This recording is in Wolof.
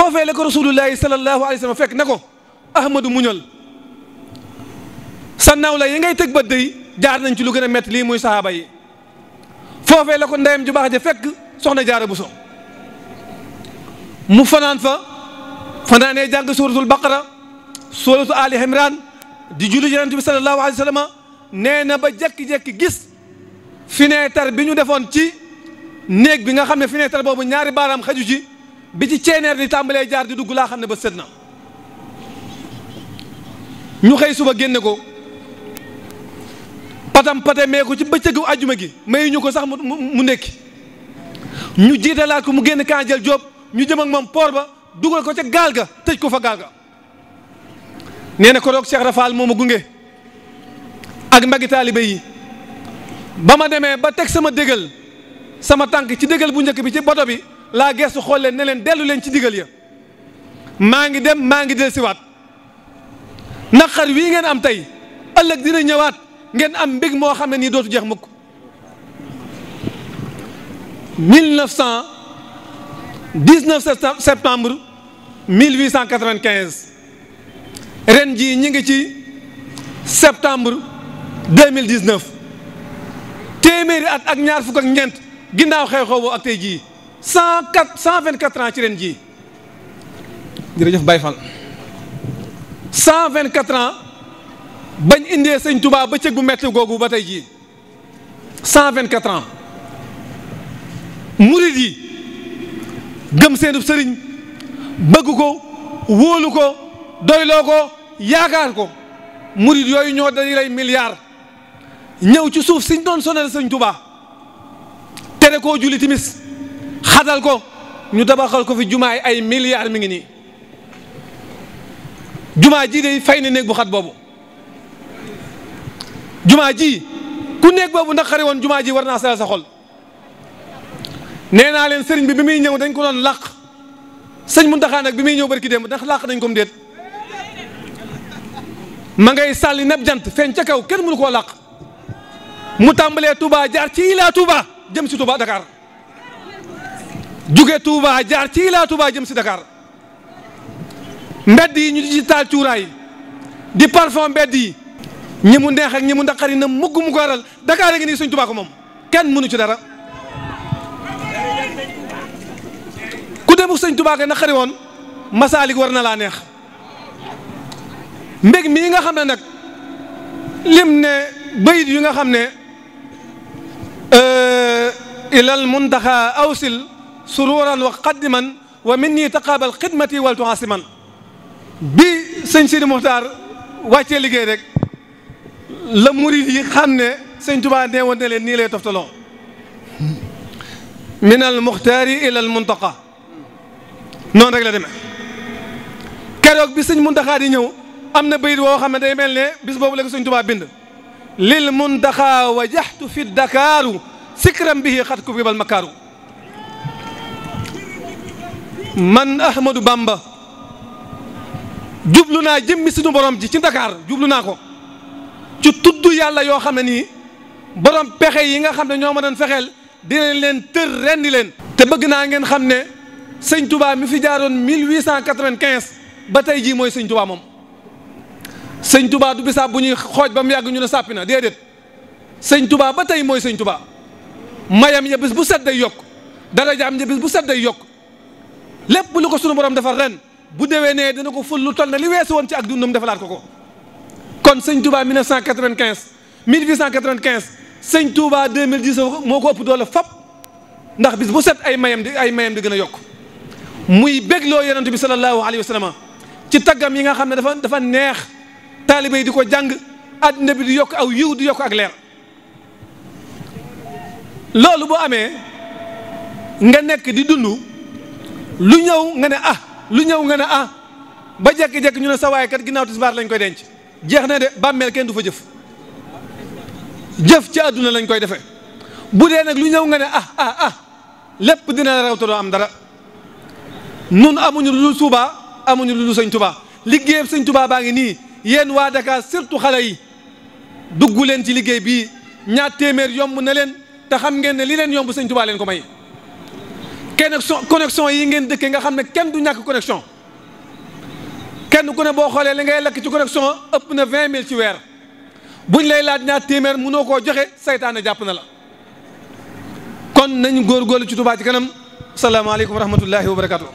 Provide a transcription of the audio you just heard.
foofee la ko rasulullahi sallallahu alayhi wa fekk ne ko ahmadou muñal sa naaw la yi ngay teg ba dey jaar nañ ci lu gën a métti lii muy sahaaba yi foofee la ko ndeyam ju baax ja fekk soxna jaara bu so mu fanaan fa fanaanee jàng suratul baqara suratu ali imran di julli yonent bi sallallahu alayhi wa nee na ba jekki-jekki gis fenêtre bi ñu defoon ci néeg bi nga xam ne fenêtre boobu ñaari baaraam xaju ci bi ci ceeneer di tàmbalee jaar di dugg laa xam ne ba sët na ñu xëy suba génne ko patam patamee ko ci bëccëgu ajuma gi mayuñu ko sax mu mu nekki ñu jiitalaat ko mu génn kanjël joob ñu jëm moom poor ba dugal ko ca gaal ga tëj ko fa gaal ga nee na ko roog Cheikh Rafal moo gunge ak mbagi taalibe yi ba ma demee ba teg sama dégal sama tànk ci dégal bu njëkk bi ci boto bi laa geesu xool leen ne leen dellu leen ci digal ya maa ngi dem maa ngi del siwaat naqar wii ngeen am tey ëllëg dina ñëwaat ngeen am mbég moo xam ne nii dootu jeex mukk 19 septembre 1895 ren jii ñi ngi ci septembre 2019 téeméeri at ak ñaar fukk ak ñeent ginnaaw xew-xew ak tey jii cent quatre cent vingt quatre ans ci ren jii jërëjëf Baye Fall cent vingt quatre ans bañ indee sëñ tubaa ba cëg bu metti googu ba tey jii cent vingt quatre ans murid yi gëm seenub sëriñ bëgg ko wóolu ko doyloo ko yaakaar ko murid yooyu ñoo day lay milliard ñëw ci suuf siñ doon sonal sëñ Touba tere koo julli timis xatal ko ñu tabaxal ko fi jumaa yi ay milliards mi ngi nii jumaa ji day fay na néeg bu xat boobu jumaa ji ku néeg boobu ndax xare woon jumaa ji war naa sell sa xol nee naa leen sëriñ bi bi muy ñëw dañ ko doon làq sëñ Muntaxa nag bi muy ñëw barki démb ndax làq dañ ko mu déet ma ngay sàlli nab jant feeñ ca kaw kenn mënu koo làq mu tàmbalee Touba jaar ci Ila Touba jëm si Touba Dakar jóge Touba jaar ci Ila Touba jëm si Dakar mbedd yi ñu di ci taal cuuraay di parfum mbedd yi ñu mu neex ak ñi mu naqari na mugg mu ko waral Dakar ngi nii suñ Touba moom kenn mënu ci dara ku dem sëñ Touba ko naqari woon masaalik war na laa neex mbég mii nga xam ne nag lim ne bayit yu nga xam ne euh, ilal muntaxa awsil sururan wa qaddiman wa min nii taqaabal xidmati wal tuasiman bi sëñ Sidi Muxtaar wàccee liggéey rek la murid yi xam ne sëñ Tuubaa nee woon ne leen nii lay toftaloo min al muxtaari ila al muntaqa noonu rek la demee bi sëñ muntaxaa di ñëw am na bayit woo xam ne day mel ne bis boobu la ko sëñ Tuubaa bind lil muntaxaa wajaxtu fi dakaaru sikram bihi xat ku bibal makaaru man Ahmadou bàmba jublu naa jëmmi suñu borom ji ci ndakaar jublu naa ko ci tudd yàlla yoo xam ne nii borom pexe yi nga xam ne ñoo ma doon fexeel dinañ leen tër rendi leen. te bëgg naa ngeen xam ne sëñ Touba mi fi jaaroon 1895 ba tey jii mooy sëñ Touba moom sëñ Touba du bisaab bu ñuy xooj ba mu yàgg ñu ne sàppi na déedéet sëñ tubaa ba tey mooy sëñ Touba mayam ya bu set day yokk darajaam ya bu set yokk. lépp lu ko sunu borom defal ren bu déwénee dina ko ful lu toll na li weesu woon ci ak dundam defalaat ko ko. kon sëñ Touba 1995 1895 sëñ Touba 2010 moo ko ëpp doole fap ndax bis bu set ay mayam di ay mayam di gën a yokk muy bégloo yonent bi sallallahu alayhi wa sallam ci taggam yi nga xam ne dafa dafa neex taalibe yi di ko jàng àddina bi di yokk aw yiw di yokk ak leer loolu bu amee nga nekk di dund. lu ñëw nga ne ah lu ñëw nga ne ah ba jekki-jekki ñu ne sa waay kat ginnaaw tisbaar lañ koy denc jeex na de bàmmeel kenn du fa jëf jëf ci àdduna lañ koy defee bu dee nag lu ñëw nga ne ah ah ah lépp dina la rawta doo am dara nun amuñu lu suubaa amuñu lu sëñ tubaa liggéeyam sëñ tubaa baa ngi nii yéen waa Dakar surtout xale yi dugg leen ci liggéey bii ñaar téeméer yomb na leen te xam ngeen ne li leen yomb sëñ tubaa leen ko may connexion connexion yi ngeen dëkkee nga xam ne kenn du ñàkk connexion kenn ku ne boo xoolee li ngay lekk ci connexion ëpp na vingt mille ci weer buñ lay laaj ñaat téeméer mënoo koo joxe seytaane jàpp na la kon nañu góor góorgóorlu ci Touba ci kanam salaamaaleykum wa rahmatullahi wa barakatu